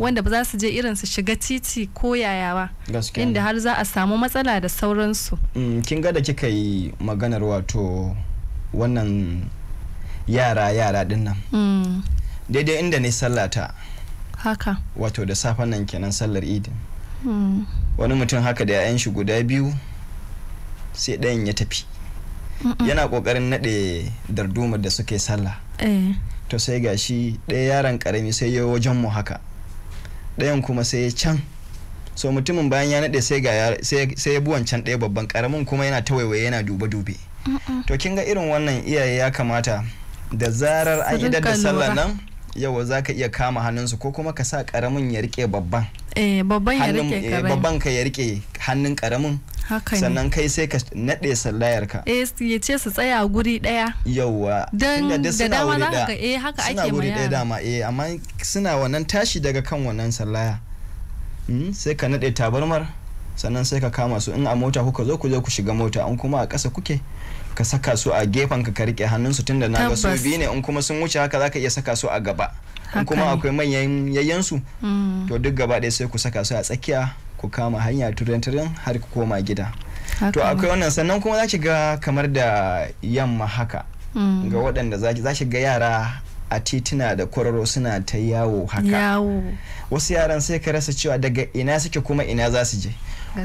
wanda ba za su je irin su shiga titi ko yaya ba inda har za a samu matsala da sauransu mm, kin ga da kika yi maganar wato wannan yara yara din mm. daidai inda ne sallata haka wato da safen nan kenan sallar idin mm. wani mutum haka da 'ya'yan shi guda biyu sai ɗayan ya tafi yana kokarin naɗe dardumar da suke sallah eh. to sai gashi ɗaya yaron karami sai ya wajen mu haka ɗayan kuma sai ya can so mutumin bayan ya naɗe sai ga sai ya buwan can ɗaya babban ƙaramin kuma yana ta waiwaye yana dube-dube to kin ga irin wannan iyaye ya kamata da zarar an idar da sallah nan yawa za ka iya kama hannunsu ko kuma ka sa ƙaramin ya rike babban Eh, babban ya rike eh, ka ya rike hannun karamin sannan kai sai ka naɗe sallayar ka eh, ya ce su tsaya guri ɗaya yauwa don da dama za ka haka ake mayar suna guri ɗaya dama eh amma suna wannan tashi daga kan wannan sallaya hmm, sai ka naɗe tabarmar sannan sai ka kama su in a mota kuka zo ku zo ku shiga mota in kuma a ƙasa kuke ka saka su a gefen ka ka rike su tunda na ga su biyu ne in kuma sun wuce haka za ka iya saka su a gaba in kuma akwai manyan yayyansu mm. to duk gaba ɗaya sai ku saka su a tsakiya ku kama hanya turin-turin har ku koma gida to akwai wannan sannan kuma za ga kamar da yamma haka mm. ga waɗanda za ga yara a tituna da kwararo suna ta yawo haka wasu yaran sai ka rasa cewa daga ina suke kuma ina za su je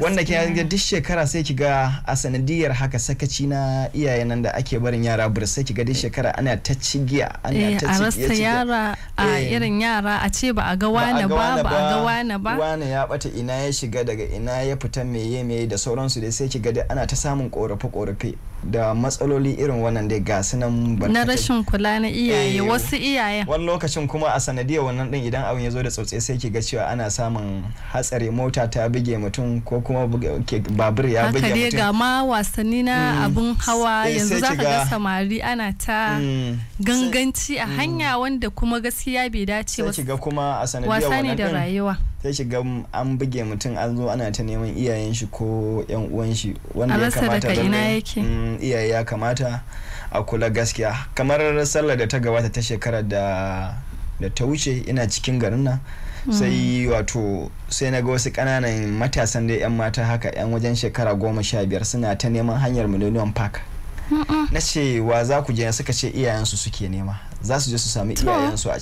wanda ke duk shekara sai ki ga a sanadiyar haka sakaci na iyayen nan da ake barin yara bur sai ki ga duk shekara ana ta cigiya ana eh, ta cigiya a yara a eh. irin yara a ce ba a ga wane ba ba a ga wane ba wane ya bata ina ya shiga daga ina ya fita meye meye da sauransu dai sai ki ga ana ta samun korafe korafe da matsaloli irin wannan dai ga sunan na rashin kula na iyaye wasu iyaye wani lokacin kuma a sanadiyar wannan din idan abin ya zo da tsautsayi sai ki ga cewa ana samun hatsari mota ta bige mutum ko kuma babur ya bige mutum haka ga ma wasanni na mm. abun hawa eh, yanzu zaka ga samari ana ta mm. ganganci a mm. hanya wanda kuma gaskiya bai dace ba sai ki ga kuma a sanadiyar wannan din wasa ne da rayuwa sai shiga an buge mutum an zo ana ta neman iyayen shi ko yan uwan shi wanda ya kamata mm, iyaye ya kamata a kula gaskiya kamar sallar da ta gabata ta shekara da ta wuce ina cikin garin nan mm. sai wato sai na ga wasu kananan matasan da 'yan mata haka 'yan wajen shekara goma sha biyar suna ta neman hanyar miliyan park na ce wa za ku je suka ce iyayensu suke nema za su je su sami su a can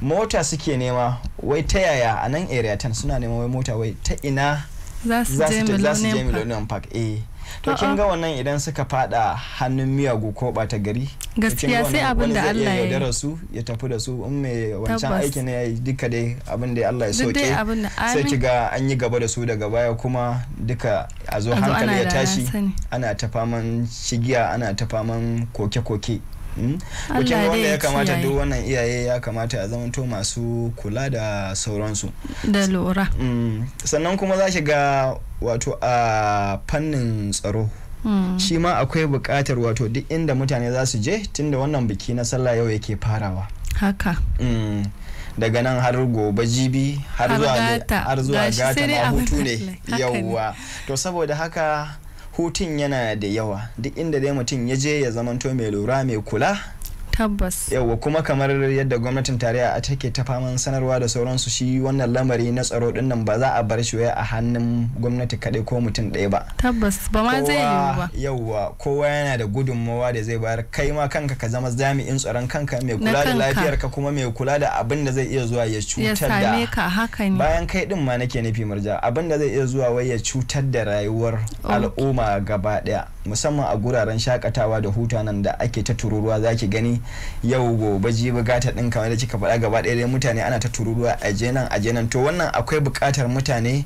mota suke nema wai ta yaya a nan area tan suna nema wai mota wai ta ina za su je millennium park eh to kin ga wannan idan suka fada hannun miyagu ko bata gari gaskiya sai abin da Allah ya yaudara su ya tafi da su in mai wancan aikin ne yayi duka dai abin da Allah ya soke sai ki ga an yi gaba da su daga baya kuma duka a zo hankali ya tashi ana ta faman shigiya ana ta faman koke-koke wakin hmm? wanda ya kamata duk wannan iyaye ya kamata ya zamanto masu kula da sauransu da lura hmm. sannan kuma za shi ga wato a fannin tsaro hmm. shi ma akwai buƙatar wato duk inda mutane za su je tunda wannan biki na sallah yau yake farawa haka daga nan har gobe jibi har zuwa gata ma hutu ne yauwa to saboda haka hutun yana da yawa duk inda dai mutum ya je ya zamanto mai lura mai kula tabbas yawa kuma kamar yadda gwamnatin tarayya take ta faman sanarwa da sauransu shi wannan lamari na tsaro din nan ba za a bar shi a hannun gwamnati kaɗai ko mutum ɗaya ba tabbas ba ma zai yiwu ba yawa kowa yana da gudunmawa da zai bayar kai ma kanka ka zama jami'in tsaron kanka mai kula da lafiyar ka kuma mai kula da abin da zai iya zuwa ya cutar da bayan kai din ma nake nufi murja abin da zai iya zuwa wai ya cutar da rayuwar al'umma gaba ɗaya. musamman a guraren shakatawa da hutanan da ake ta tururuwa za ki gani yau gobe ji gata din kamar da kika faɗa gaba ɗaya mutane ana ta tururuwa a jenan a jenan to wannan akwai buƙatar mutane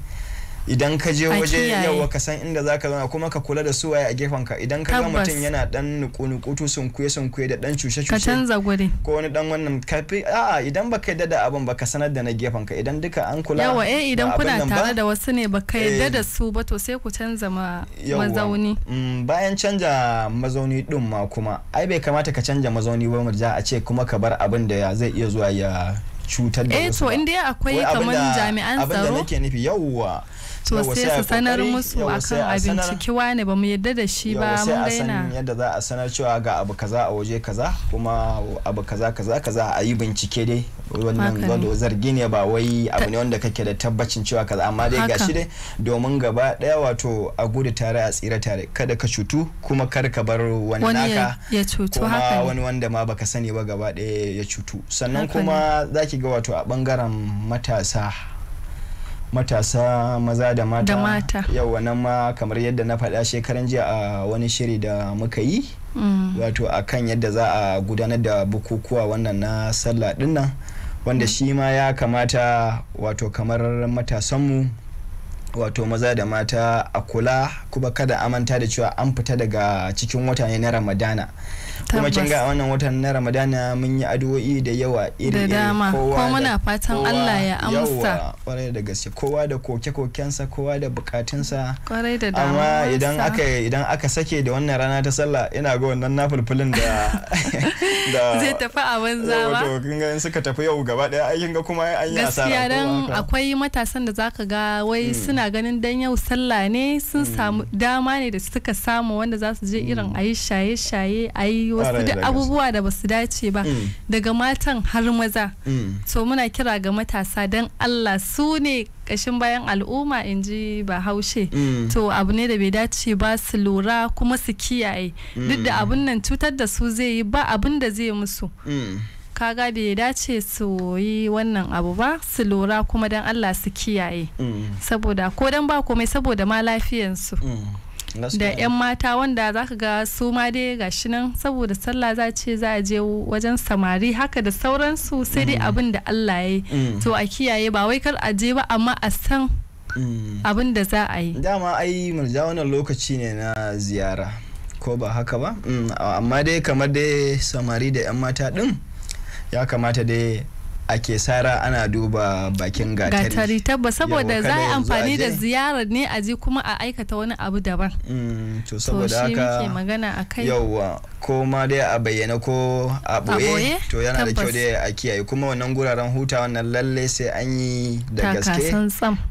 idan ka je waje yawa ka san inda zaka zauna kuma ka kula da suwaye a gefen ka idan ka ga mutum yana dan nuku-nukutu sunkuye sunkuye da dan cushe-cushe ka canza guri ko wani dan wannan kafi a idan baka yadda da abin baka sanar da na gefen ka idan duka an kula yawa eh idan kuna tare da wasu ne baka yadda da eh. su ba to sai ku canza ma mazauni mm, bayan canja mazauni din ma kuma ai bai kamata ka canja mazauni ba mu a ce kuma ka bar abin da zai iya zuwa ya cutar da eh, wasu ba eh to inda akwai kamar jami'an tsaro abin da nake nufi yawa to sai su sanar musu akan abinci kiwa ne ba mu yadda da shi ba mun daina yadda za a sanar cewa ga abu kaza a waje kaza kuma abu kaza kaza kaza a yi bincike dai wannan zargi ne ba wai abu ne wanda kake da tabbacin cewa kaza amma dai gashi dai domin gaba daya wato a gudu tare a tsira tare kada ka cutu kuma kar ka bar wani naka kuma wani wanda ma baka sani ba gaba daya ya cutu sannan kuma zaki ga wato a bangaren matasa matasa maza da mata, yau nan ma kamar yadda na faɗa shekaran jiya a wani shiri da muka yi mm. wato a kan yadda za a gudanar da bukukuwa wannan na sallah dinnan wanda shi ma ya kamata wato kamar matasanmu wato maza da mata a kula kuma kada amanta da cewa an fita daga cikin wata ne na ramadana kuma kin ga wannan watan na ramadana mun yi addu'o'i da yawa iri dama ko muna fatan Allah ya amsa kwarai da gaske kowa da koke kokensa kowa da bukatunsa kwarai da dama amma idan aka idan aka sake da wannan rana ta sallah ina ga wannan nafulfulin da zai tafi a banza ba wato kin ga suka tafi yau gaba daya ai kin ga kuma an yi asara gaskiya dan akwai matasan da zaka ga wai hmm. suna ganin dan yau sallah ne sun hmm. samu dama ne da suka samu wanda za su je irin hmm. ayi shaye shaye ayi abubuwa da basu dace ba mm. daga matan har maza mm. to muna kira ga matasa don allah su ne kashin bayan al'umma in ji ba haushe mm. to abu ne da bai dace ba su lura kuma su kiyaye duk da abun nan cutar da su zai yi ba abun da zai musu kaga bai dace su yi wannan abu ba su lura kuma don allah su kiyaye saboda ko don ba komai saboda ma lafiyansu da 'yan mata wanda za ka ga su ma dai gashi nan saboda sallah za ce za a je wajen samari haka da sauransu sai dai mm. abin da Allah ya yi mm. to a kiyaye ba wai kar a je ba amma a san mm. abin da za a yi dama ai murja wannan lokaci ne na ziyara ko ba haka ba amma dai kamar dai samari da 'yan mata din ya kamata dai ake sara ana duba bakin gatari gatari tabbas saboda za a amfani da ziyarar ne a ji kuma a aikata wani abu daban mm, to saboda haka yauwa ko ma dai a bayyana ko a boye to yana da kyau dai a kiyaye kuma wannan guraren huta wannan lalle sai an yi da gaske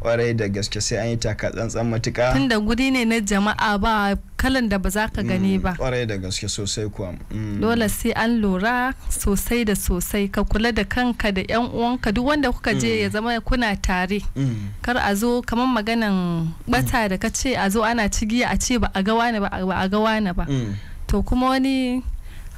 warai da gaske sai an yi taka tsantsan matuka tunda guri ne na jama'a ba kalan da ba za ka gani mm, ba warai da gaske sosai kuwa mm. dole sai an lura sosai da sosai ka kula da kanka da yan uwanka duk wanda kuka je mm. ya zama kuna tare kar a zo kamar maganan bata da ka ce a zo ana cigiya a ce ba a ga wani ba a ga wani ba to kuma wani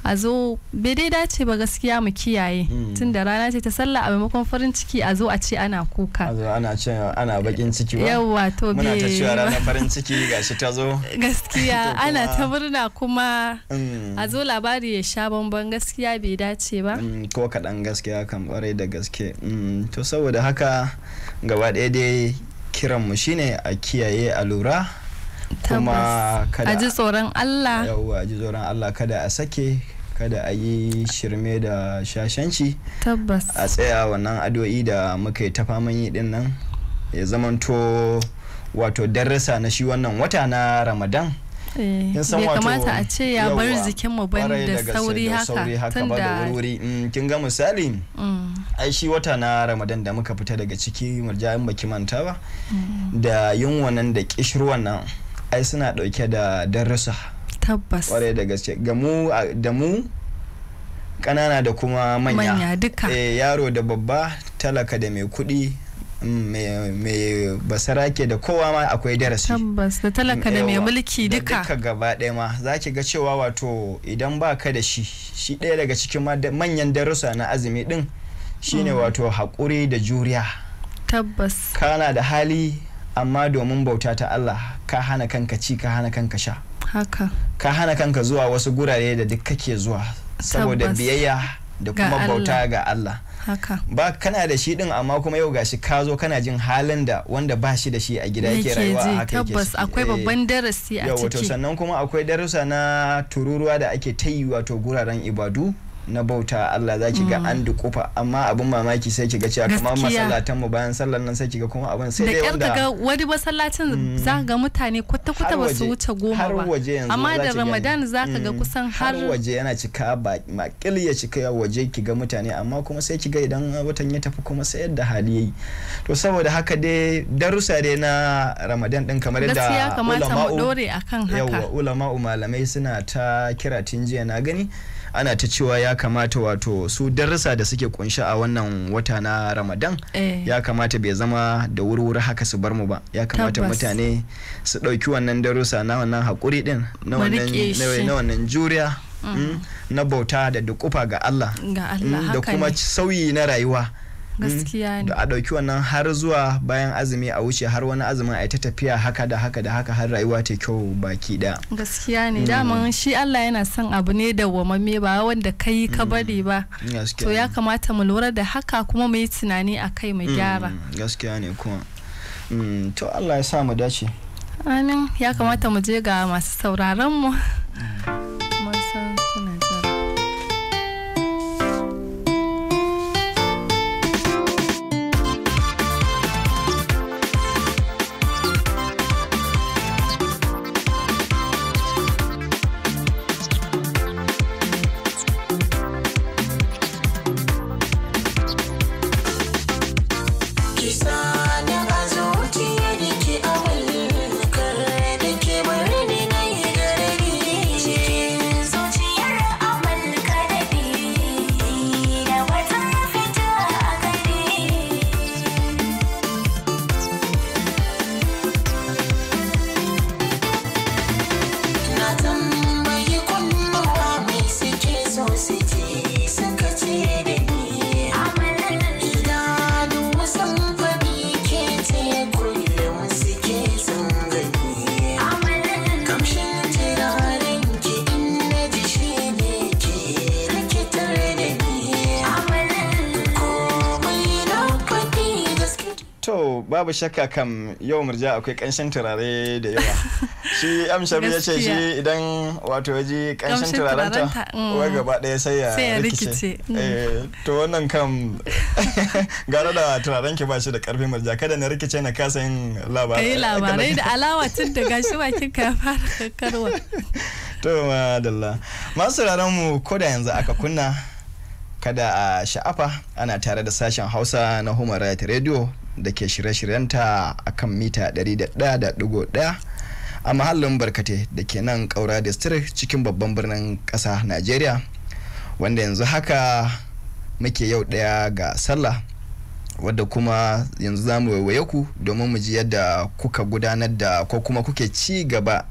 a zo bai dace ba gaskiya mu kiyaye hmm. tun da rana ce ta sallah a maimakon farin ciki a zo a ce ana kuka a zo ana ce ana bakin ciki ba yawa to muna ta cewa ranar farin ciki gashi ta zo gaskiya ana ta murna kuma hmm. a zo labari ya sha bamban gaskiya bai dace ba hmm, ko kaɗan gaskiya kan kwarai da gaske to saboda haka gaba ɗaya dai kiranmu shine a kiyaye a lura kuma kada a ji tsoron Allah yawwa a ji tsoron Allah kada a sake kada a yi shirme da shashanci tabbas a tsaya wannan addu'o'i da muka yi ta faman yi din nan ya zamanto wato darasa na shi wannan wata na ramadan ya eh, kamata a ce ya bar zikin mu bane da sauri haka tun da wuri mm, kin ga misali mm. ai shi wata na ramadan da muka fita daga ciki murjayin in baki manta ba mm. da yunwa nan da kishirwan nan ai suna dauke da darussa tabbas kwarai da gaske ga mu da mu kanana da kuma manya manya duka eh, yaro da babba talaka da mai kuɗi mm, mai ke da kowa ma akwai darasi tabbas da talaka da mm, mai mulki duka duka gaba ɗaya ma za ki ga cewa wato idan ba ka da shi shi ɗaya daga cikin manyan darussa na azumi din shine mm. wato haƙuri da juriya tabbas kana da hali amma domin bauta ta Allah ka hana kanka ci ka hana kanka sha haka ka hana kanka zuwa wasu gurare da duk kake zuwa saboda biyayya da kuma bauta ga Allah haka ba kana da shi din amma kuma yau gashi ka zo kana jin halin da wanda ba shi da shi a gida yake rayuwa haka yake tabbas akwai babban eh. darasi a ciki sannan kuma akwai darussa na tururuwa da ake ta yi wato guraren ibadu na bauta Allah za ki ga mm. an dukufa amma abin mamaki sai ki ga cewa kamar masallatan mu bayan sallar nan sai ki ga kuma abin sai dai wanda da ga wani masallacin mm. za ka ga mutane kwata kwata ba su wuce goma ba amma da Ramadan za ka ga mm. kusan har waje yana cika ba makil ya cika waje ki ga mutane amma kuma sai ki ga idan watan ya tafi kuma sai yadda hali yayi to saboda haka dai darussa dai na Ramadan din kamar yadda ulama dore akan haka yawa ulama malamai suna ta kira tinjiya jiya na gani ana ta cewa ya kamata wato su darussa da suke kunshi a wannan wata na ramadan eh. ya kamata bai zama da wurwuri haka su bar mu ba ya kamata mutane su ɗauki wannan darussa na wannan haƙuri din na wannan juriya mm. Mm, na bauta da dukufa ga Allah mm, da kuma sauyi na rayuwa gaskiya ne a ɗauki wannan har zuwa bayan azumi a wuce har wani azumin a ta tafiya haka da haka da haka har rayuwa ta kyau baki da gaskiya ne mm. daman shi Allah yana son abu ne da wamamme ba wanda kai ka mm. bari ba to ya kamata mu lura da haka kuma mu yi tunani a kai mu gyara mm. gaskiya ne kuma to Allah ya sa mu dace amin ya kamata mu je ga masu sauraron mu babu shakka kam yau murja akwai kanshin turare da yawa shi amsharu ya ce shi idan wato ya ji kanshin turaranta mm. wai gaba ɗaya sai ya rikice mm. eh, to wannan kam gara da turaren ki ba shi da karfin murja kada na rikice na kasa yin labarai labarai da alawa tun da gashi bakin ka fara kakkarwa to dalla masu mu ko da yanzu aka kunna kada a sha'afa ana tare da sashen hausa na human rights radio da ke shirye-shiryenta a kan mita 101.1 a mahallin barkate da ke nan ƙaura district cikin babban birnin kasa Najeriya wanda yanzu haka muke yau daya ga sallah wadda kuma yanzu za mu waiwaye ku domin mu ji yadda kuka gudanar da ko kuma kuke ci gaba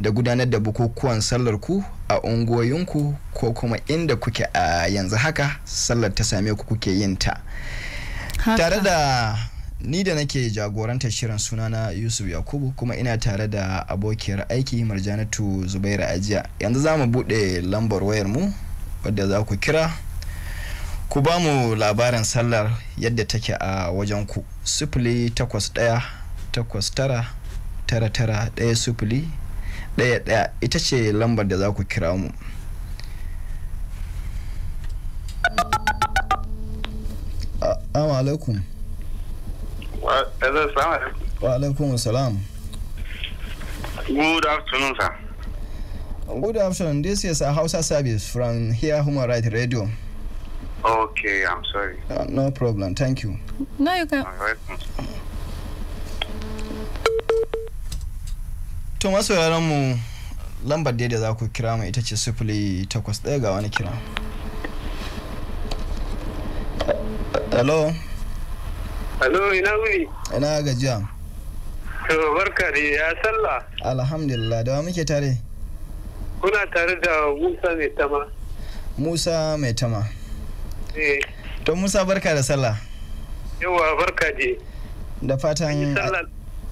da gudanar da bukukuwan sallar ku a unguwoyinku ko kuma inda kuke a yanzu haka sallar ta same ku kuke yin ta. tare da ni da nake jagorantar shirin sunana yusuf yakubu kuma ina tare da abokiyar aiki marjanatu zubairu ajiya yanzu za mu buɗe lambar wayar mu wadda za ku kira ku ba mu labarin sallar yadda take a wajen ku sifili takwas ɗaya takwas tara tara tara ɗaya sufuli ɗaya ɗaya ita ce lambar da za ku kira mu salamu alaikum. Wa alaikum salam. Good afternoon, sir. Good afternoon. This is a Hausa service from here, Human Rights Radio. Okay, I'm sorry. Uh, no problem. Thank you. No, you can. To masu mu lambar da za ku kira mu ita ce sifili takwas ɗaya ga wani kira. hello hello ina wuri ina gajiya to barka da ya sallah alhamdulillah da muke tare kuna tare da musa mai tama musa mai tama eh to musa barka da sallah yawa barka je da fatan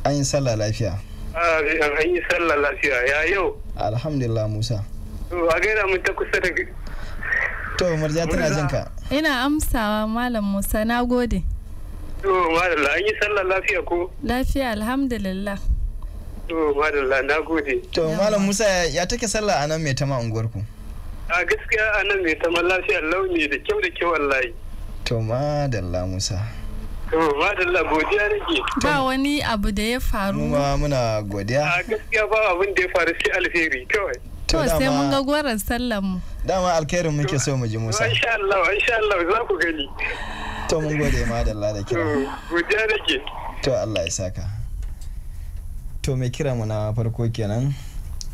an yi sallah lafiya ah, an yi sallah lafiya ya yau alhamdulillah musa to a gaira mun ta kusa da to murja tana jinka ina amsawa malam musa na gode to madalla an yi sallah lafiya ko lafiya alhamdulillah to madalla na gode to malam musa ya take sallah a nan mai tama unguwar ku a gaskiya a nan mai tama lafiya launi da kyau da kyau wallahi to madalla musa to madalla godiya nake ba wani abu da ya faru ma muna godiya a gaskiya ba abin da ya faru sai alheri kawai to sai mun ga gwaran sallar mu dama alkhairin muke so mu ji musa insha Allah insha Allah za ku gani to mun gode ma da Allah da kira godiya nake to Allah ya saka to mai kira mu na farko kenan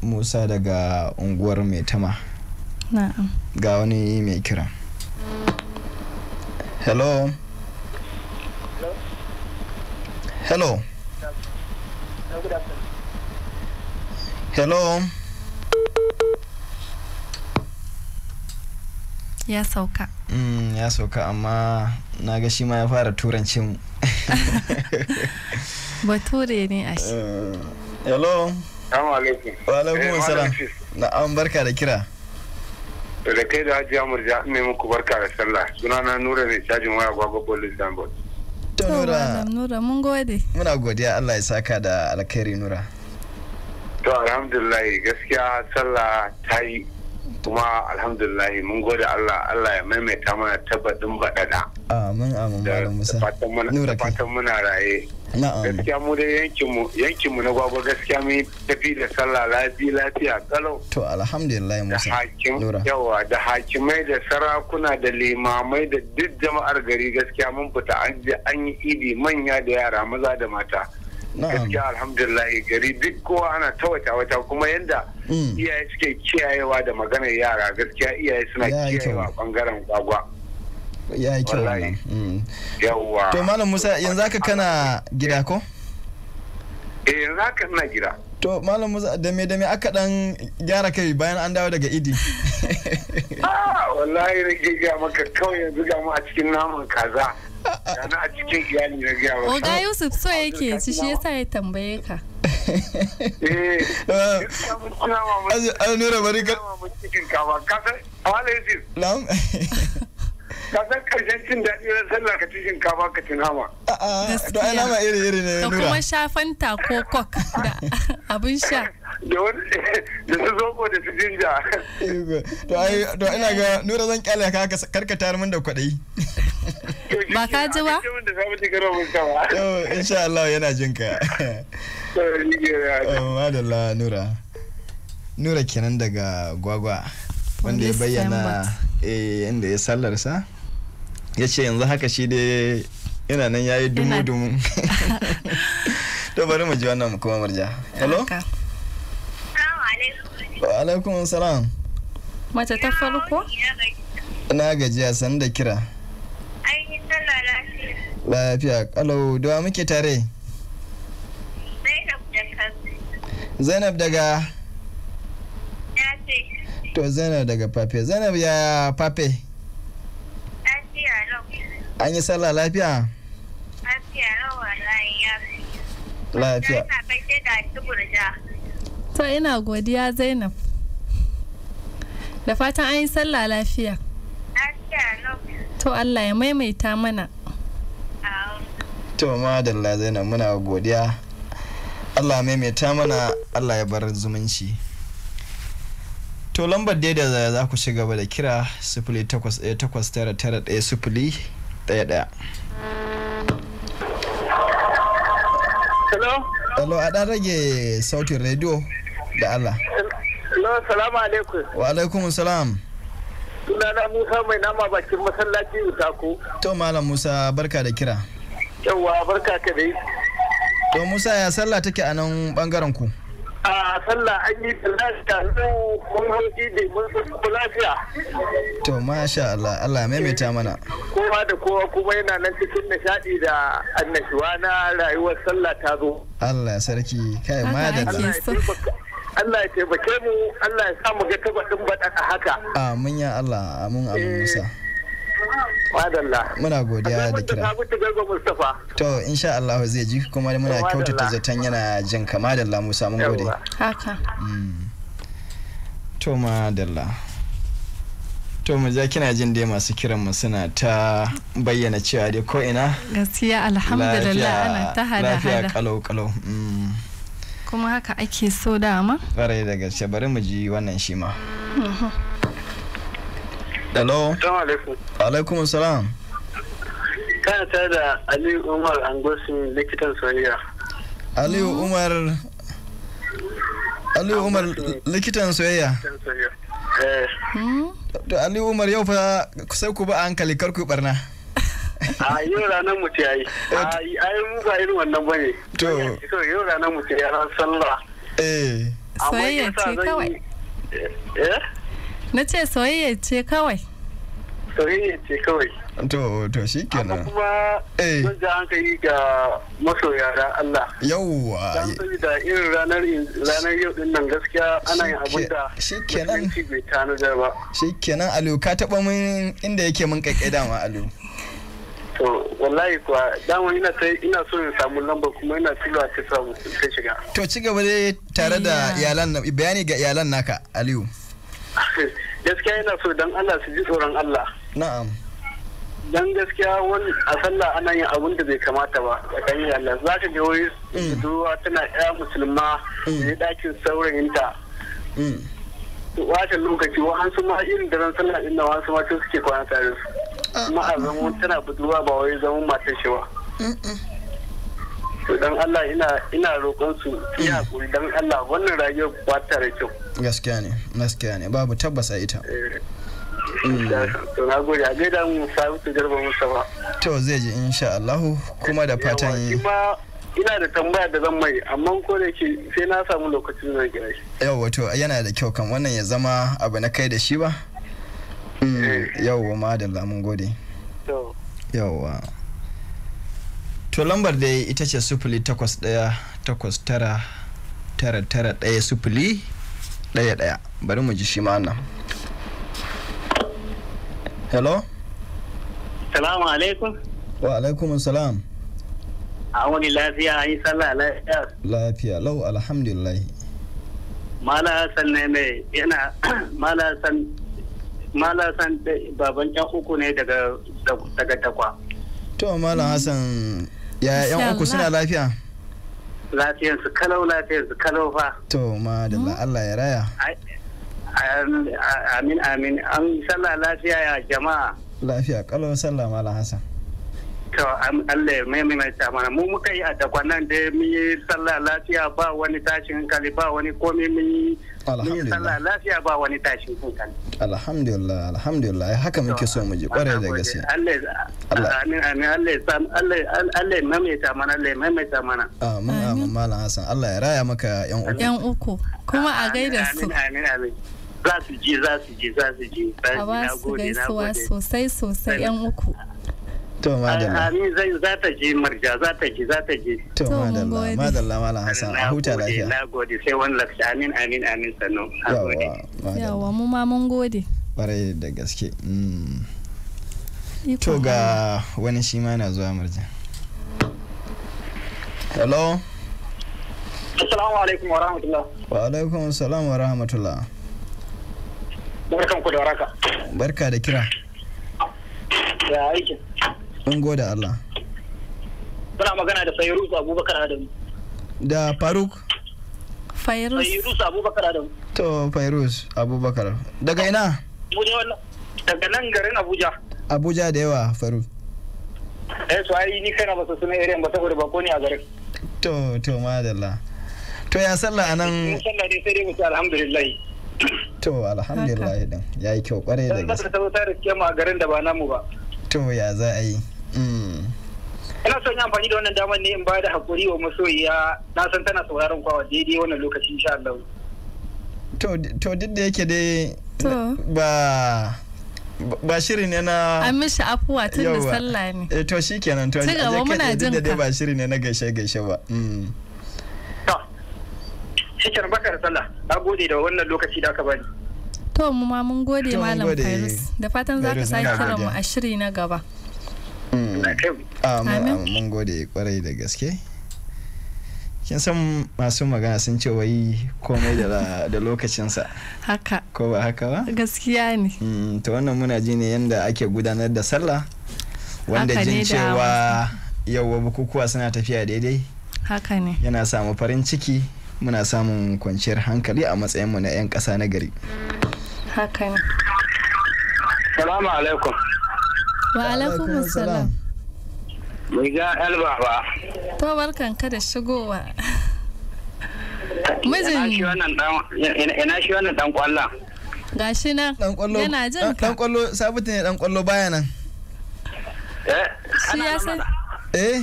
musa daga unguwar mai tama na'am ga wani mai kira hello hello hello hello ya sauka mm, ya sauka amma na ga shi ma ya fara turancin bature ne a shi eh, hello wa alaikum na eh, na'am barka da kira da kai da hajiya murja ne muku barka da sallah na nura ne cajin waya gwagwa police dambot ta nura nura mun gode muna godiya allah ya saka da alkhairi nura to alhamdulillah gaskiya sallah ta yi kuma alhamdulillah mun gode Allah Allah ya maimaita mana tabbatin baɗaɗa. Amin amin Musa. Da fatan muna raye. Gaskiya mu dai yankin mu na gwagwa gaskiya mun tafi da sallah lafi lafiya kalau. To alhamdulillah Musa. Da hakim yawa da hakimai da sarakuna da limamai da duk jama'ar gari gaskiya mun fita an yi idi manya da yara maza da mata. gaskiya alhamdulillah gari duk kowa ana ta wata wata kuma yanda mm. iyaye suke kiyayewa da maganar yara gaskiya iyaye suna kiyayewa bangaren gwagwa. ya yi kyau yawwa mm. to malam musa yanzu aka kana gida ko eh yanzu aka ina gida to malam musa da me da me aka dan gyara kai bayan an dawo daga idi ah wallahi rage ga maka kawai yanzu ga mu a cikin naman kaza yana a cikin iyali na oga yusuf so yake ci shi yasa ya tambaye ka eh, eh Ana nura bari ka Na. kasan karshen cin daɗi na sallah ka ka ci nama a'a iri iri ne da kuma ko kok da abin sha da su zoko da su jinja to ina ga nura zan kyale ka karkatar min da kwaɗayi ba ka ji ba insha Allah yana jin ka oh, madalla nura nura kenan daga gwagwa wanda ya bayyana eh, inda ya sallarsa ya ce yanzu haka shi dai yana nan ya yi dumu-dumu to bari mu ji wannan kuma murja hello wa alaikum salam mace ta farko na gajiya san da kira lafiya kalau da muke tare zainab daga to zainab daga pape zainab ya pape an yi sallah lafiya lafiya to ina godiya zainab da fatan an yi sallah lafiya lafiya to Allah ya maimaita mana to madalla zainab muna godiya Allah maimaita mana Allah ya bar zumunci to lambar dai da za ku shiga gaba da kira 081991 ɗaya Hello? Hello, a rage sautin rediyo da Allah. Hello, salamu alaikum. Wa alaikum salam. sunana musa mai nama bakin masallaci utako to malam musa barka da kira yawwa barka ka dai to musa ya sallah take a nan bangaren ku a sallah an yi da lafiya kun hauki da mun lafiya to masha Allah Allah maimaita mana kowa da kowa kuma yana nan cikin nishadi da annashuwa na rayuwar sallah ta zo Allah sarki kai ma da Allah ya taimake mu Allah ya samu mu ga tabbatin baɗa a haka amin ya Allah amin amin eh. musa Muna godiya da kira. To insha Allah zai ji kuma muna kyautata zaton yana jin kama da Allah Musa mun gode. Haka. Mm. To madalla. To mu ja kina jin dai masu kiran mu suna ta bayyana cewa dai ko ina. Gaskiya alhamdulillah ana ta hada hada. Lafiya kalau kalau. Mm. kuma haka ake so dama ƙwarai da gaske bari mu ji wannan shi ma hello alaikum salam kana ta da aliyu umar angosin likitan soyayya aliyu umar aliyu umar likitan soyayya eh. aliyu umar yau fa sai ku ba hankali kar ku barna a yin ranar mu A yi eh, ai mu ba irin wannan bane to yin ranar mu ce ran sallah eh soyayya ce kawai eh? Eh? na ce soyayya ce kawai soyayya ce kawai to to shi kenan amma kuma zan ji hankali ga masoya da Allah yawwa dan da irin ranar ranar yau din nan gaskiya ana yin abin da shi kenan bai tanadar ba shi kenan Alu ka taba min inda yake mun kakkai dama Alu to wallahi kuwa dama ina ina so in samu lamba kuma ina tilo a ta shiga to ci gaba dai tare da iyalan bayani ga iyalan naka Aliyu gaskiya yana so dan Allah su ji tsoron Allah na'am dan gaskiya wani a sallah ana yin abin da bai kamata ba a Allah za ka ga wai mm. duwa tana ya musulma ne mm. ɗakin saurayinta mm. wata lokaci wa hansu ma irin daren sallah ɗin na wasu ma suke kwana tare su kuma a zaman tana budurwa ba wai zaman matan shi ba to dan Allah ina ina roƙon su ya hakuri dan Allah wannan rayuwar ba ta da kyau gaskiya ne gaskiya ne babu tabbasa ita eh, to na gode a gaida mu su garba musa ba to zai ji insha Allah kuma da fatan ina da tambaya da zan mai amma ko da ke sai na samu lokacin zan kira shi yawa to yana da kyau kan wannan ya zama abu na kai da shi ba Eh, yawwa madalla mun gode yawwa to lambar da ita ce sufuli takwas daya takwas tara tara tara daya sufuli daya daya bari mu ji shi ma nan hello salamu alaikum wa alaikum salam a wani lafiya an yi sallah lafiya lafiya lau alhamdulillah mala hassan ne mai yana mala hassan mala san baban yan uku ne daga daga takwa. To Malam Hassan ya yan uku suna lafiya? Lafiyan su kalau lafiyan su kalau fa. To ma da hmm. Allah ya raya. Amin amin an sallah lafiya ya jama'a. Lafiya kalau sallah Malam Hassan. To Allah ya maimaita mana mu muka yi a takwa nan da mu yi sallah lafiya ba wani tashin hankali ba wani komai mun yi mun lafiya ba wani tashin alhamdulillah alhamdulillah haka muke so mu ji kwarai da gaske Allah amin amin Allah ya Allah Allah ya maimaita mana Allah ya maimaita mana amin amin malam Hassan Allah yan uku kuma a gaida su amin amin za su ji za su ji za su ji sosai sosai yan uku to madalla amin zai za ta je marja za ta je za ta je to madalla madalla malam hasan a huta lafiya na gode sai wani lafiya amin amin amin sannu yawa mu ma mun gode kwarai da gaske mm. to ga wani shi ma na zuwa marja hello assalamu alaikum wa rahmatullah wa alaikum salam wa rahmatullah barkan ku da waraka barka da kira ya aikin Mun gode Allah. Kuna magana da Fairuz Abubakar Adamu. Da Faruk? Fairuz. Fairuz Abubakar Adamu. To Fairuz Abubakar. Daga ina? Daga nan garin Abuja. Abuja da yawa Faruk. Eh to ai ni kaina ba su suna irin ba saboda bako ne a garin. To to madalla. To ya sallah anan. Sallah ne sai dai mu alhamdulillah. To alhamdulillah din. Yayi kyau kwarai da gaske. Sai ka tabbata da kiyama a garin da ba namu ba. To ya za a yi? Mm. ina son yi amfani da wannan damar ne in ba da hakuri wa masoyiya na san tana sauraron kwawa daidai wannan lokacin insha Allah to duk da yake dai ba ba shiri ne na an mishi afuwa tun da sallah ne eh to shikenan to ci gaba muna jin ka dai ba shiri ne na gaishe gaishe ba mm. to shikenan baka da sallah na gode da wannan lokaci da aka bani to mu ma mun gode malam Fairuz da fatan za ka sake kiran mu a shiri na gaba mun gode kwarai da gaske kin san masu magana sun ce wai komai da lokacinsa haka ko ba haka ba gaskiya ne mm, ta wannan muna ji ne yadda ake gudanar da sallah wanda jin cewa yawa bukukuwa suna tafiya daidai haka ne yana samu farin ciki muna samun kwanciyar hankali a matsayinmu na 'yan ƙasa na gari haka ne salamu alaikum wa alaikum salam mai ga alba ba to barkan ka da shigowa mijin ina shi wannan dan kwallon gashi nan yana jin ah, ka dan kwallo sabitin ne dan kwallo baya nan eh eh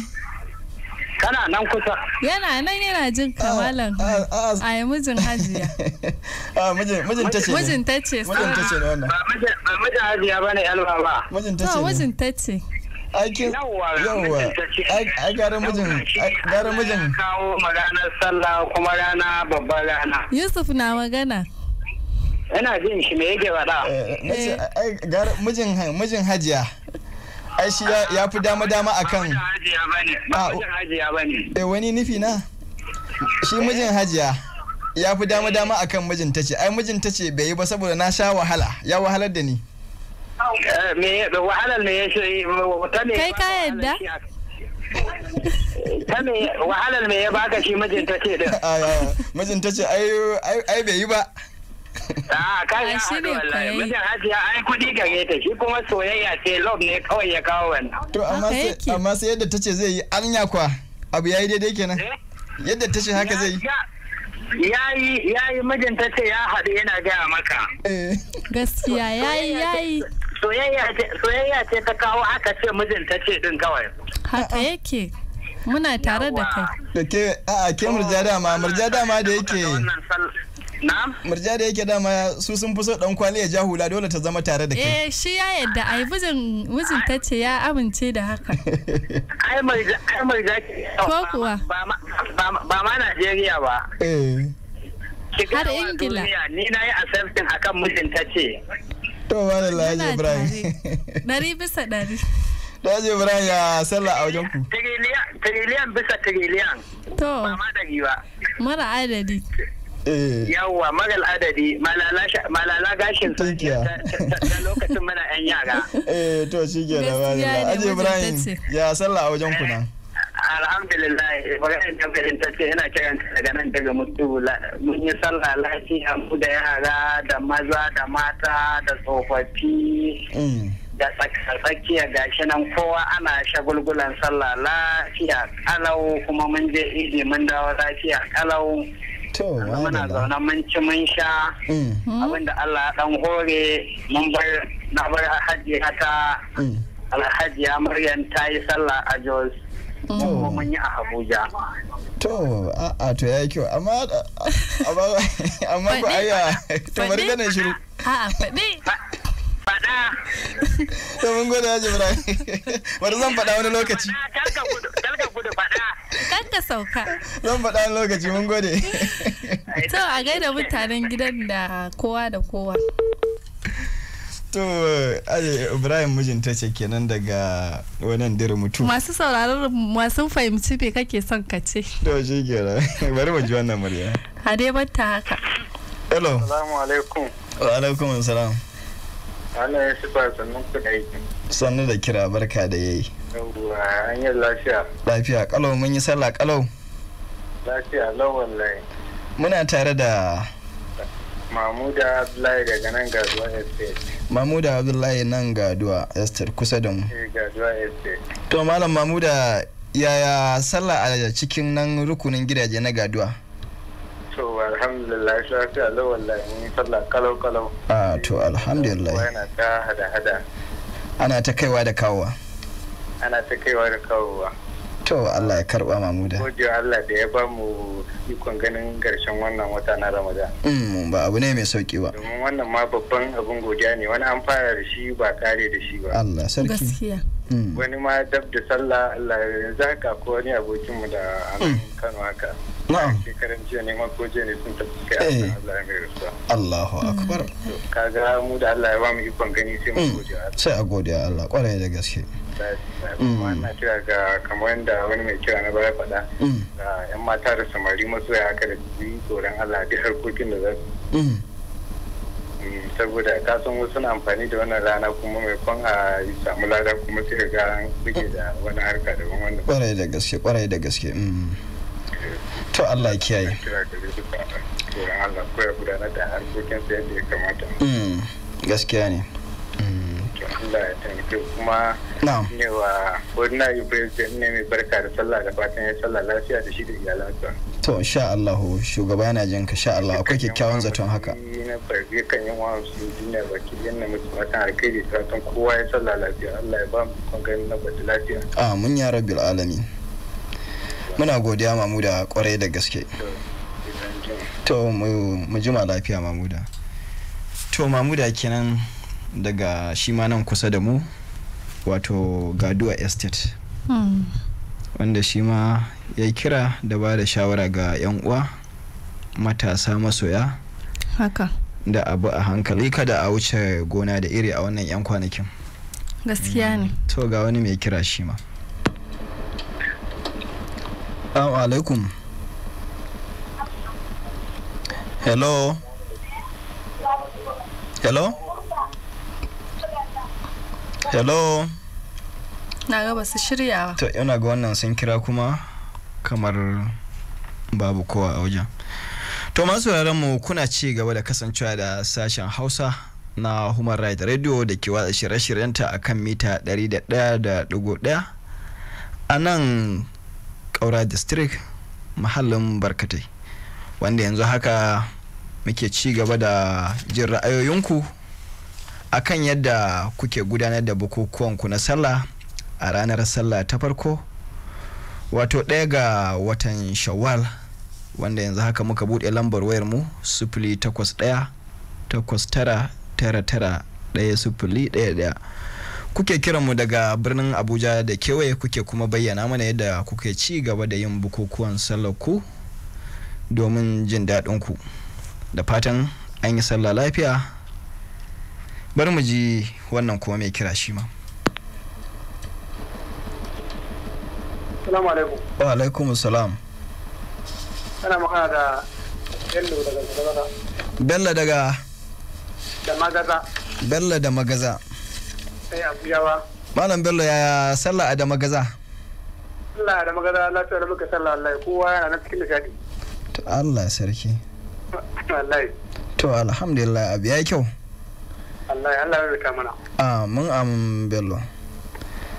kana nan kusa yana nan yana jin kamalan ah, ah, ah, a yi mijin hajiya mijin tace mijin tace mijin ce ne wannan ba mijin hajiya ba ne yalwa ba mijin ta ce ne mijin ta tace aikin yawwa ai gara mijin gara mijin kawo magana sallah kuma rana babbar rana yusuf na magana yana jin shi me yake faɗa eh, mijin hajiya ai shi ya fi dama dama a kan hajiya ah, eh wani nufi na shi mijin hajiya ya fi dama dama kan mijin tace ai mijin tace bai yi ba saboda na sha wahala ya wahalar da ni shi kai ka yadda ta wahalar me ya baka shi mijin tace din ah, mijin tace ai bai yi ba a kan ya haɗu wallahi mijin hajiya ai kuɗi gare ta shi kuma soyayya ce love ne kawai ya kawo wannan to amma sai yadda ta ce zai yi anya kwa abu yayi daidai kenan eh? yadda ta ce haka zai yi yayi yayi mijin ta ce ya haɗu yana gaya maka eh. gaskiya yayi yayi soyayya ce ta kawo aka ce mijin ta ce din kawai haka yake muna tare da kai da ke a ke murja dama murja dama da yake Na'am. Murja da yake dama su sun fi so dan kwali ya ja hula dole ta zama tare da kai. Eh shi ya yadda ai buzin buzin ta ce ya amince da haka. Ai mai ai murja ko kuwa ba ma Najeriya ba. Eh. Har Ingila. Ni na yi accepting akan mijin ta ce. To wani lahaji Ibrahim. Dari bisa dari. Lahaji Ibrahim ya sallah a wajen ku. Tiriliyan bisa tiriliyan. To. Ba ma dari ba. Mara adadi. Eh. yawwa magal adadi malala gashin sun ta lokacin mana yan yara eh to shi ke da malala aji ibrahim ya sallah a wajen kuna alhamdulillah ibrahim ya fahimtacce yana kiran daga nan daga mutu mun yi sallah lafiya mu da yara da maza da mata da tsofaffi mm. da tsakiya gashi nan kowa ana shagulgulan sallah lafiya kalau kuma mun je ije mun dawo lafiya kalau To muna zaune mun ci mun sha abinda Allah ya dan hore mun bar na bar hajiya ta alhajiya Maryam ta yi sallah a Jos kuma mun yi a Abuja to a'a to ya kyau amma amma amma ko ayya to bari ganin shiru a'a faɗi faɗa to mun gode Haji Ibrahim bari zan faɗa wani lokaci karka sauka zan faɗa wani lokaci mun gode to a gaida mutanen gidan da kowa da kowa to aje ibrahim mijinta ce kenan daga wannan dire mutu masu sauraron masu fahimci me kake son ka ce to shi kenan bari mu ji wannan murya hade batta haka hello assalamu alaikum wa alaikum assalam Ana shifa sannan ku da Sannu da kira barka da yayi. hanyar lafiya. Lafiya kalau mun yi sallah kalau. Lafiya lau wallahi. Muna tare da Mamuda Abdullahi daga nan Gaduwa Estate. Mamuda Abdullahi nan Gaduwa Estate kusa da mu. Eh, Gaduwa Estate. To Malam Mamuda yaya sallah a cikin nan rukunin gidaje na Gaduwa? to alhamdulillah shi wallahi mun kalau ah, to alhamdulillah ana ta kaiwa da kawowa ana ta kaiwa da kawowa to Allah ya karba gode Allah da ya ba mu ikon ganin garshen wannan na Ramadan mm abu ne mai sauki ba domin wannan ma ne wani an fara da shi ba kare da shi ba Allah gaskiya mm. wani ma dab da sallah Allah yanzu haka ko wani abokinmu da mm. Kano haka na'am shekaran jiya ne ko jiya ne sun tafi kai eh. Allah ya mai rasuwa Allahu akbar mm. kaga mu da Allah ya ba mu ikon gani sai mu mm. gode sai a gode Allah kwarai da gaske wannan mm. kira ga kamar da wani mai kira na baya faɗa ga yan mata da samari masoya haka da su yi tsoron Allah duk harkokin da za su saboda ka san wasu na amfani da wannan rana kuma mai kwan a samu lada kuma sai ga an buge da wani harka daban wannan kwarai da gaske kwarai da gaske to Allah kiyaye hmm, gaskiya ne hmm. Allah ya taimake kuma ne wa ordinary president ne mai barka da sallah da fatan ya sallah lafiya da shi da iyalansa to insha Allah shugaba yana jin ka insha Allah akwai kyakkyawan zaton haka na farge kan yi wa su duniya baki yana mutum akan alkhairi fatan kowa ya sallah lafiya Allah ya ba mu kun gani na lafiya amin ya rabbil alamin muna godiya mamuda kwarai da gaske to mu jima lafiya mamuda to mamuda kenan daga shi ma nan kusa da mu wato gaduwa estate hmm. wanda shi ma ya kira da ba da shawara ga 'yan uwa matasa masoya haka da abu a hankali kada a wuce gona da iri a wannan 'yan kwanakin gaskiya ne to ga wani mai kira shi ma Assalamu alaikum. Hello. Hello. Hello. Na ga ba shirya. To yana ga wannan sun kira kuma kamar babu kowa a wajen. To masu mu kuna ci gaba da kasancewa da sashen Hausa na Human Rights Radio da ke watsa shirye-shiryenta a kan mita 101.1 a nan kaura district mahallin barkatai wanda yanzu haka muke ci gaba da jin ra'ayoyinku akan yadda kuke gudanar da bukukuwanku na sallah a ranar sallah ta farko wato ɗaya ga watan shawwal wanda yanzu haka muka buɗe lambar wayar mu sufuli takwas ɗaya takwas tara tara tara ɗaya sufuli ɗaya ɗaya kuke kiran mu daga birnin abuja da kewaye kuke kuma bayyana mana yadda kuke ci gaba da yin bukukuwan sallar ku domin jin daɗin ku da fatan an yi sallah lafiya bari mu ji wannan kuma mai kira shi ma Assalamu alaikum. Wa alaikum salam. Ana magana da Bello daga Bello daga da Magaza. Bello da Magaza. Abuja ba. Malam Bello ya sallah a da magaza. Allah da magaza lafiya da muka sallah Allah kowa yana na cikin nishadi. To Allah sarki. Wallahi. To alhamdulillah abu ya kyau. Allah ya Allah ya rika mana. Amin amin Bello.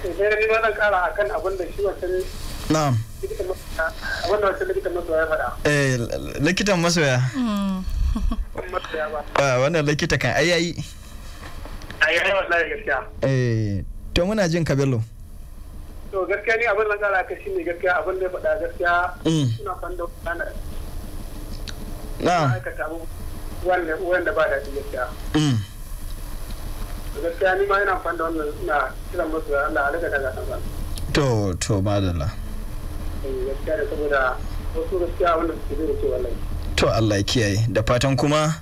Eh, Idan ni wannan kara akan abin da shi wancan Na'am. Abin da wancan likitan masoya faɗa. Eh likitan masoya. Hmm. Ah, wannan likita kan ai yayi. a yayin wallahi gaskiya eh to muna jin ka bello to gaskiya ni abin da ka shi ne gaskiya abin da ya faɗa gaskiya suna mm. fan da wani na ka samu wannan da ba da shi gaskiya mm. gaskiya ni ma yana fan da wannan na kiran musu Allah alaka daga kan to to madalla eh, gaskiya da saboda wasu gaskiya wanda suke da cewa wallahi to Allah ya kiyaye da fatan kuma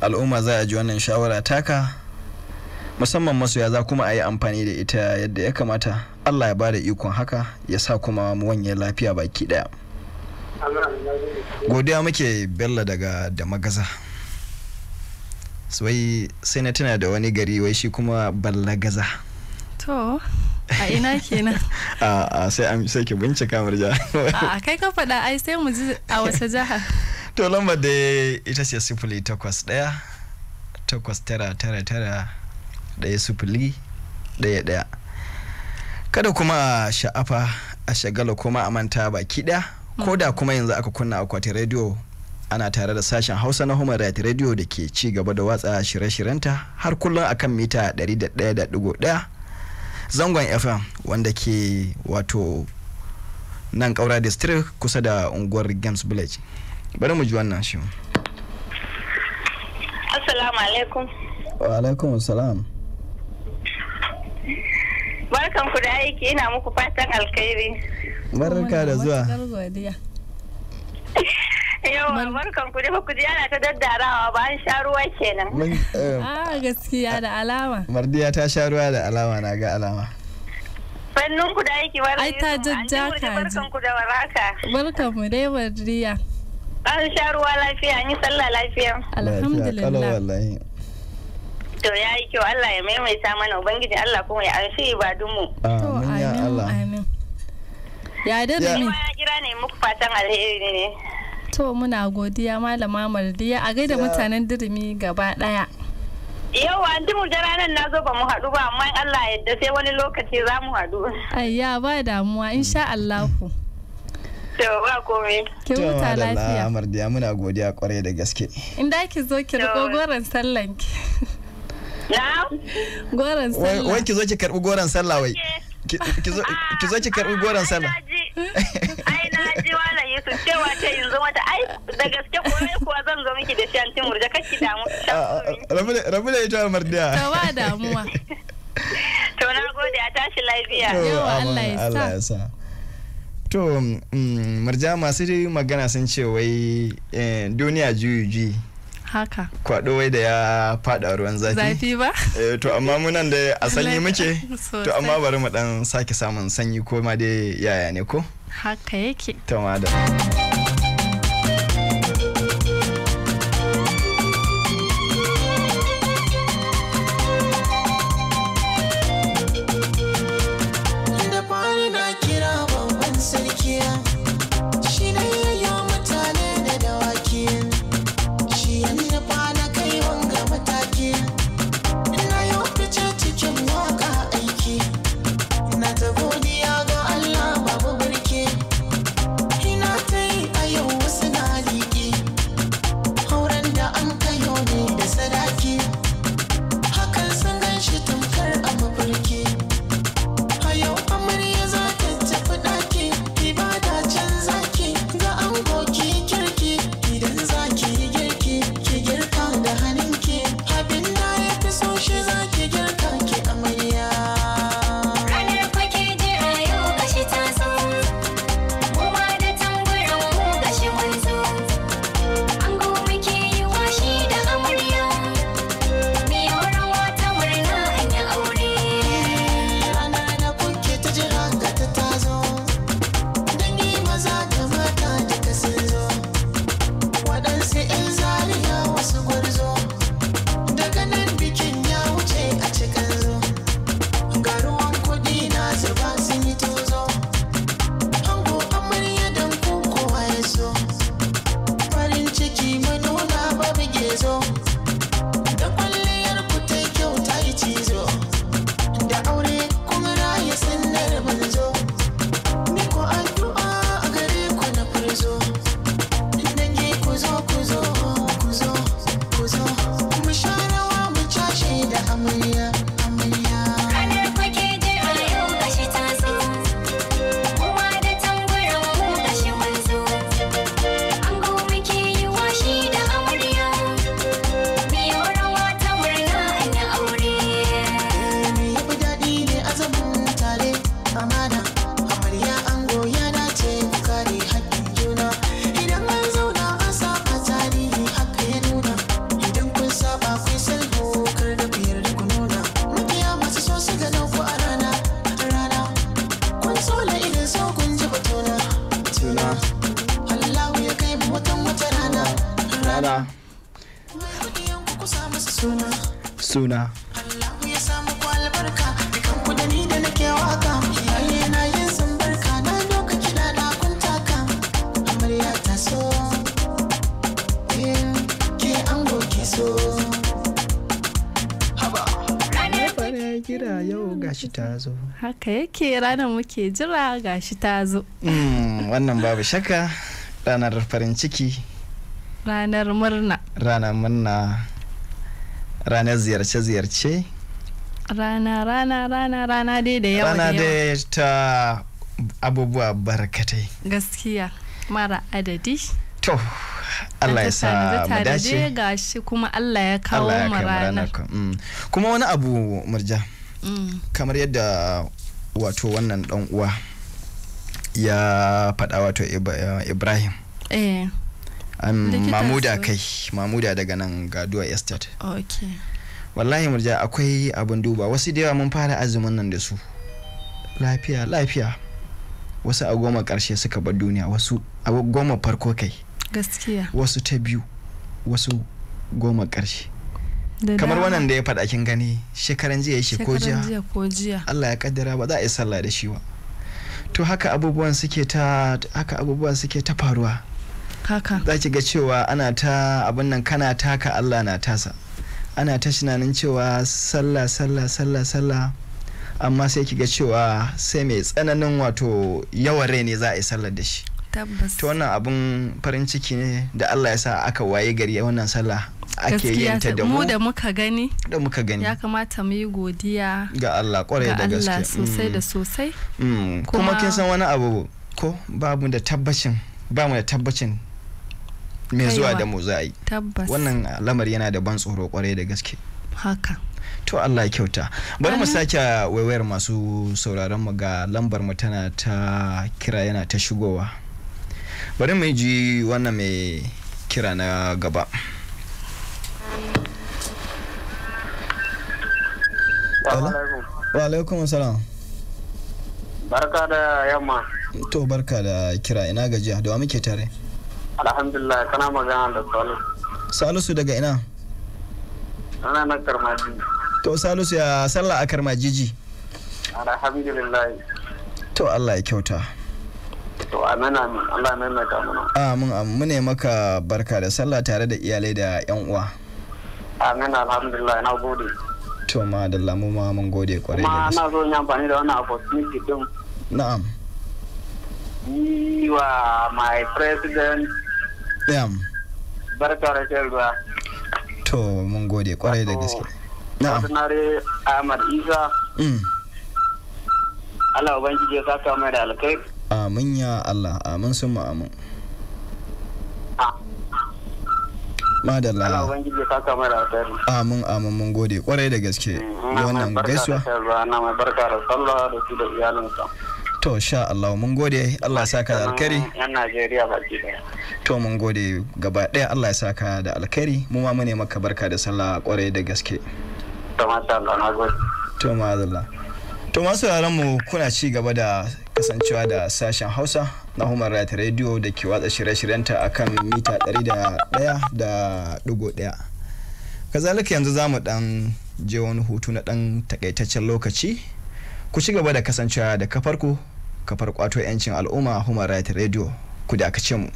al'umma za a ji wannan shawara taka musamman masoya za kuma a yi amfani da ita yadda ya kamata allah ya ba da ikon haka ya sa kuma mu wanye lafiya baki daya godiya muke bella daga da magaza wai sai na tuna da wani gari wai shi kuma ballagaza to a ina kenan a sai an sai ki bincika ja a kai ka faɗa ai sai mu ji a wata jaha to lambar da ita ce sifili takwas ɗaya takwas tara tara tara ɗaya sufuli ɗaya ɗaya kada kuma a sha'afa a shagala kuma a manta baki ɗaya mm. ko da kuma yanzu aka kunna akwatin radio ana tare da sashen hausa na human right radio da ke ci gaba da watsa shirye-shiryenta har kullum a kan mita 101.1 zangon fm wanda ke wato nan kaura district kusa da unguwar games village bari mu ji wannan shi assalamu alaikum wa alaikum assalam Barkan ku da aiki ina muku fatan alkhairi. Barka da zuwa. Yawa barkan ku da ku ji ana ta daddarawa ba an sha ruwa kenan. Eh, A ah, gaskiya da alama. Mardiya ta sha ruwa da alama na ga alama. fannin ku da aiki barkan Ai ta jajjaka ji. Barkan ku da waraka. Barkan mu dai Mardiya. An sha ruwa lafiya an yi sallah lafiya. Alhamdulillah. to ya yi kyau Allah ya maimaita mana ubangiji Allah kuma ya anshi ibadunmu amin ya Allah ya da ya kira ne muku fatan alheri ne to muna godiya malama maldiya a gaida mutanen dirimi gaba daya yau an dimu da ranar na zo ba mu haɗu ba amma Allah ya yadda sai wani lokaci za mu haɗu ayya ba damuwa insha Allah ku ba komai ki huta lafiya amardiya muna godiya kwarai da gaske in da ki zo ki riko sallan ki Goron sallah. Wai ki zo ki karbi goran sallah wai. Ki zo ki karbi goran sallah. Ai na ji Yusuf cewa ce yin zo mata ai da gaske kore kuwa zan zo miki da shi an timur ah, ah, da kake damu. Rabu da ita mardiya. Ta ba damuwa. To na gode a tashi lafiya. Yawa Allah ya sa. To, mm, mm, marja masu magana sun ce wai eh, duniya juyi juyi. haka kwado wai da ya fada ruwan zafi zafi ba eh to amma munan da a sanyi muke to amma bari mu dan sake samun sanyi ko ma dai yaya ne ko haka yake to madam gashi ta zo haka yake ranar muke jira gashi ta zo hmm, wannan babu shakka ranar farin ciki ranar murna ranar murna ranar ziyarce-ziyarce rana rana rana rana dai da yawa rana dai ta abubuwa barkatai gaskiya mara adadi to Allah ya sa mu dace gashi kuma Allah ya kawo mu ranar hmm, kuma wani abu murja kamar yadda wato wannan dan uwa ya faɗa wato ibrahim eh. mamuda kai mamuda daga nan gaduwa estate wallahi murja akwai abin duba wasu da yawa mun fara azumin nan da su lafiya lafiya wasu a goma karshe suka bar duniya wasu a goma farko kai gaskiya wasu ta biyu wasu goma karshe kamar wannan da ya faɗa kin gani shekaran jiya yake ko Allah ya kaddara ba za a yi sallah da shi ba to haka abubuwan suke ta haka abubuwan suke ta faruwa haka za ki ga cewa ana ta abin nan kana taka Allah na tasa ana ta shinanin cewa sallah sallah sallah sallah amma sai ki ga cewa sai mai tsananin wato yawan rai ne za a yi sallar da shi tabbas to wannan abun farin ciki ne da Allah ya sa aka waye gari wannan sallah ake yin ta da mu da muka gani da muka gani ya kamata mu yi godiya ga Allah kwarai da gaske Allah sosai da mm. sosai mm. kuma kin san wani abu ko babu da tabbacin ba mu da tabbacin me zuwa da mu za a yi wannan lamari yana da ban tsoro kwarai da gaske haka to Allah ya kyauta bari mu sake waiwayar masu sauraron mu ga lambar mu tana ta kira yana ta shigowa bari mu ji wannan mai kira na gaba wa alaikum salam barka da yamma to barka da kira ina gajiya da wa muke tare alhamdulillah kana magana da salisu salisu daga ina ana na karmaji to salisu ya sallah a karmajiji alhamdulillah to allah ya kyauta to amin amin allah mai mai kamuna amin amin mune maka barka da sallah tare da iyalai da yan uwa amin alhamdulillah na gode to ma da lamu ma mun gode kwarai da gaske kuma na zo amfani da wannan opportunity din na'am Yiwa wa my president na'am barka da shan ruwa to mun gode kwarai da gaske na'am ordinary Ahmad Isa mm Allah ubangiji ya saka mai da alkai amin ya Allah amin sun amin madalla Allah ubangiji ka kama da alheri amin amin mun gode kwarai da gaske mm, wannan gaisuwa na mai barka da sallah da su da iyalinsa to sha Allah mun gode Allah ya saka da alkhairi yan Najeriya baki daya to mun gode gaba daya Allah ya saka da alkhairi mu ma mune maka barka da sallah kwarai da gaske to masha Allah na gode to madalla to masu yaran mu kuna ci gaba da kasancewa da sashen Hausa na Human Right Radio da ke watsa shirye-shiryenta a kan mita 101.1. Kazalika yanzu za mu ɗan je wani hutu na ɗan takaitaccen lokaci. Ku ci gaba da kasancewa da kafarku, kafar kwato 'yancin al'umma Human Right Radio. Ku da mu.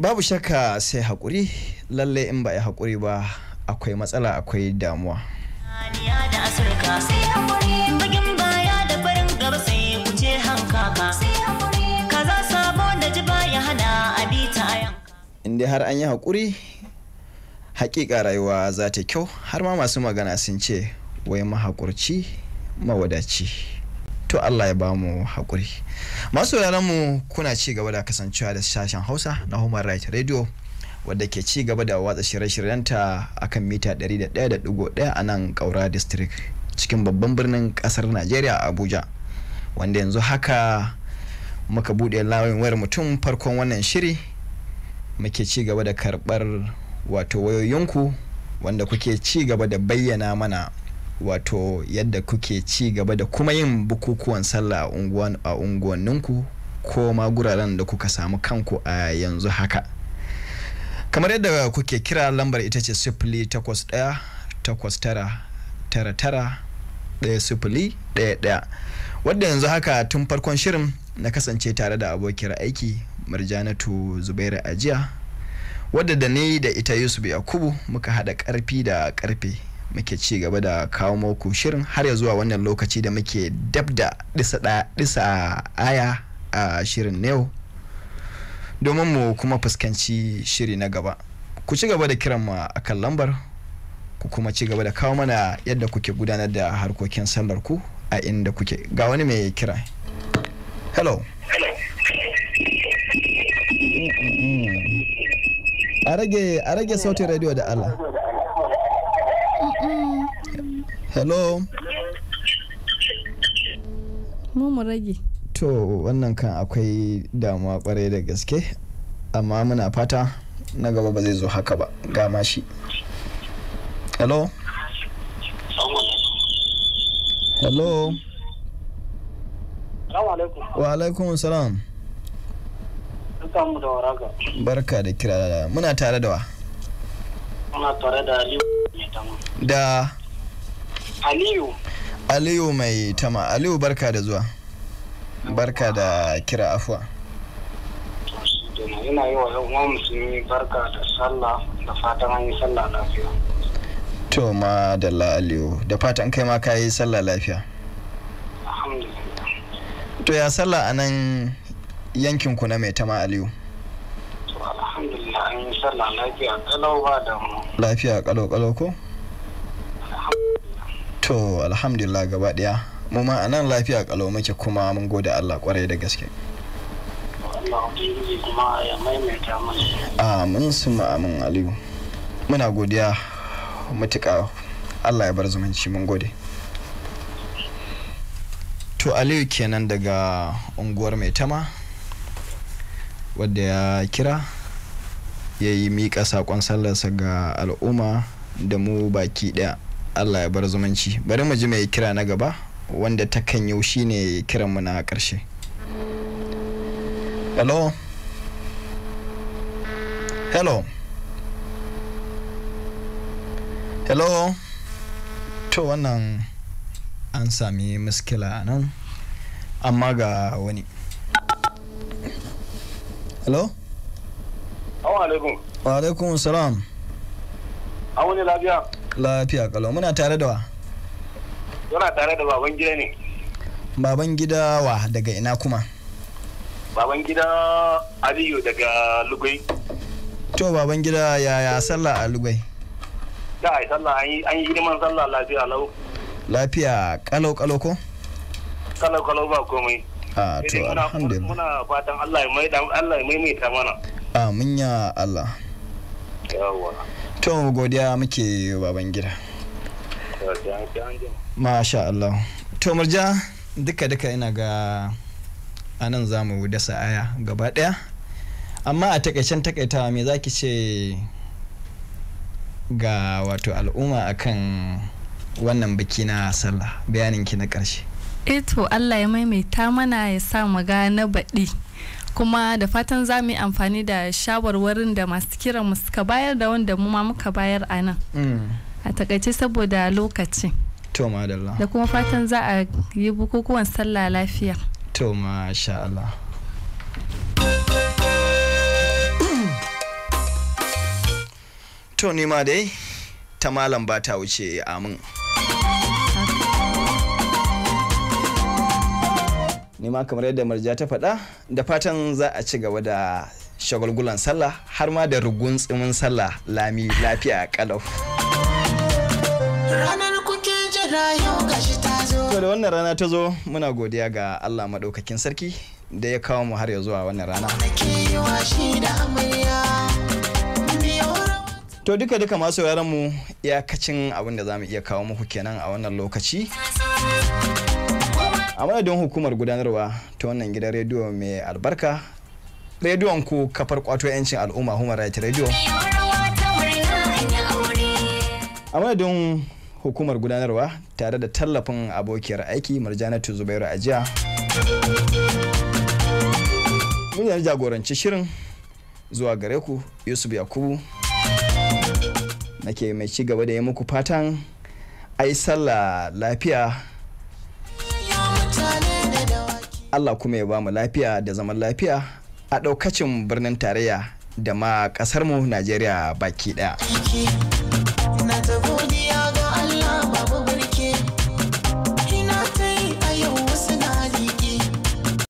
babu shakka sai haƙuri lallai in ba ya haƙuri ba akwai matsala akwai damuwa inda har an yi haƙuri haƙiƙa rayuwa za ta kyau har ma masu magana sun ce wai mahaƙurci mawadaci to Allah ya ba mu haƙuri masu mu kuna ci gaba da kasancewa da sashen Hausa na Human Rights Radio wadda ke ci gaba da watsa shirye-shiryenta a kan mita 101.1 a nan Kaura district cikin babban birnin ƙasar Najeriya Abuja wanda yanzu haka muka buɗe layin wayar mutum farkon wannan shiri muke ci gaba da karɓar wato wayoyinku wanda kuke ci gaba da bayyana mana wato yadda kuke ci gaba da kuma yin bukukuwan sallah a unguwanninku ko ma guraren da kuka samu kanku a yanzu haka kamar yadda kuke kira lambar ita ce sifili takwas ɗaya takwas tara tara tara ɗaya sifili ɗaya ɗaya wadda yanzu haka tun farkon shirin na kasance tare da abokiyar aiki marjanatu zubairu ajiya wadda da ni da ita yusuf yakubu muka haɗa ƙarfi da ƙarfe muke ci gaba da kawo muku shirin har ya zuwa wannan lokaci da muke dab da disa aya a shirin ne yau domin mu kuma fuskanci shiri na gaba ku ci gaba da kiran mu akan lambar ku kuma ci gaba da kawo mana yadda kuke gudanar da harkokin sallar ku a inda kuke ga wani mai kira hello a rage sautin radio da Allah hello mu mu rage to wannan kan akwai damuwa kwarai da gaske amma muna fata na gaba ba zai zo haka ba gama shi hello hello wa alaikun salam barka da kira muna tare da wa muna tare da aliyu da Aliyu. Aliyu mai tama. Aliyu barka da zuwa. Barka da kira afuwa. Yana yi wa yan musulmi barka da sallah da fatan an yi sallah lafiya. To ma da la'aliyu da fatan kai ma ka yi sallah lafiya. To ya sallah a nan yankin ku na mai tama Aliyu. Alhamdulillah an yi sallah lafiya kalau ba da mu. Lafiya kalau kalau ko? to alhamdulillah gaba daya mu ma anan lafiya kalau muke kuma mun gode Allah kwarai da gaske mun ya su mun aliyu muna godiya matuƙa Allah ya bar zumunci mun gode to aliyu kenan daga unguwar mai tama wadda ya kira ya yi miƙa saƙon sallarsa ga al'umma da mu baki ɗaya Allah ya bar zumunci bari mu ji mai kira na gaba wanda ta kan yau shine kiran mu na karshe hello hello hello to wannan an sami muskila nan amma ga wani hello wa alaikum wa alaikum salam an wani lafiya lafiya kalo muna tare da wa muna tare da baban gida ne baban gida wa daga ina kuma baban gida aliyu daga lugai. to baban gida yaya sallah a lugai. da ai sallah an yi hidiman sallah lafiya lau lafiya kalau kalau ko kalau kalau ba komai a to alhamdulillah muna fatan Allah ya maimaita mana amin ya Allah yawa to godiya muke baban gida masha Allah to murja duka duka ina ga anan zamu dasa aya gaba daya amma a takaicen takaitawa me zaki ce ga wato al'umma akan wannan biki na sallah bayaninki na karshe eh to Allah ya maimaita mana ya sa mu ga baɗi kuma da fatan za mu yi amfani da shawarwarin da masu kiran mu suka bayar da wanda mu ma muka bayar a nan mm. a takaice saboda lokaci da kuma fatan za a yi bukukuwan sallah lafiya to masha ni ma dai ta malam ba ta wuce amin nema kamar yadda marja ta faɗa da fatan za a ci gaba da shagulgulan sallah har ma da rugun tsimin sallah lami lafiya kalau ranar kuke to da wannan rana ta zo muna godiya ga Allah maɗaukakin sarki da ya kawo mu har ya zuwa wannan rana to duka duka masu yaran mu iyakacin abin da za iya kawo muku kenan a wannan lokaci a madadin hukumar gudanarwa ta wannan gidan rediyo mai albarka rediyon ku kafar kwato 'yancin al'umma human rights radio a madadin hukumar gudanarwa tare da tallafin abokiyar aiki marjanatu zubairu ajiya mun jagoranci shirin zuwa gare ku yusuf yakubu nake mai ci gaba da yi muku fatan ai sallah lafiya Allah kuma ya ba mu lafiya da zaman lafiya a ɗaukacin birnin tarayya da ma ƙasar mu Najeriya baki ɗaya.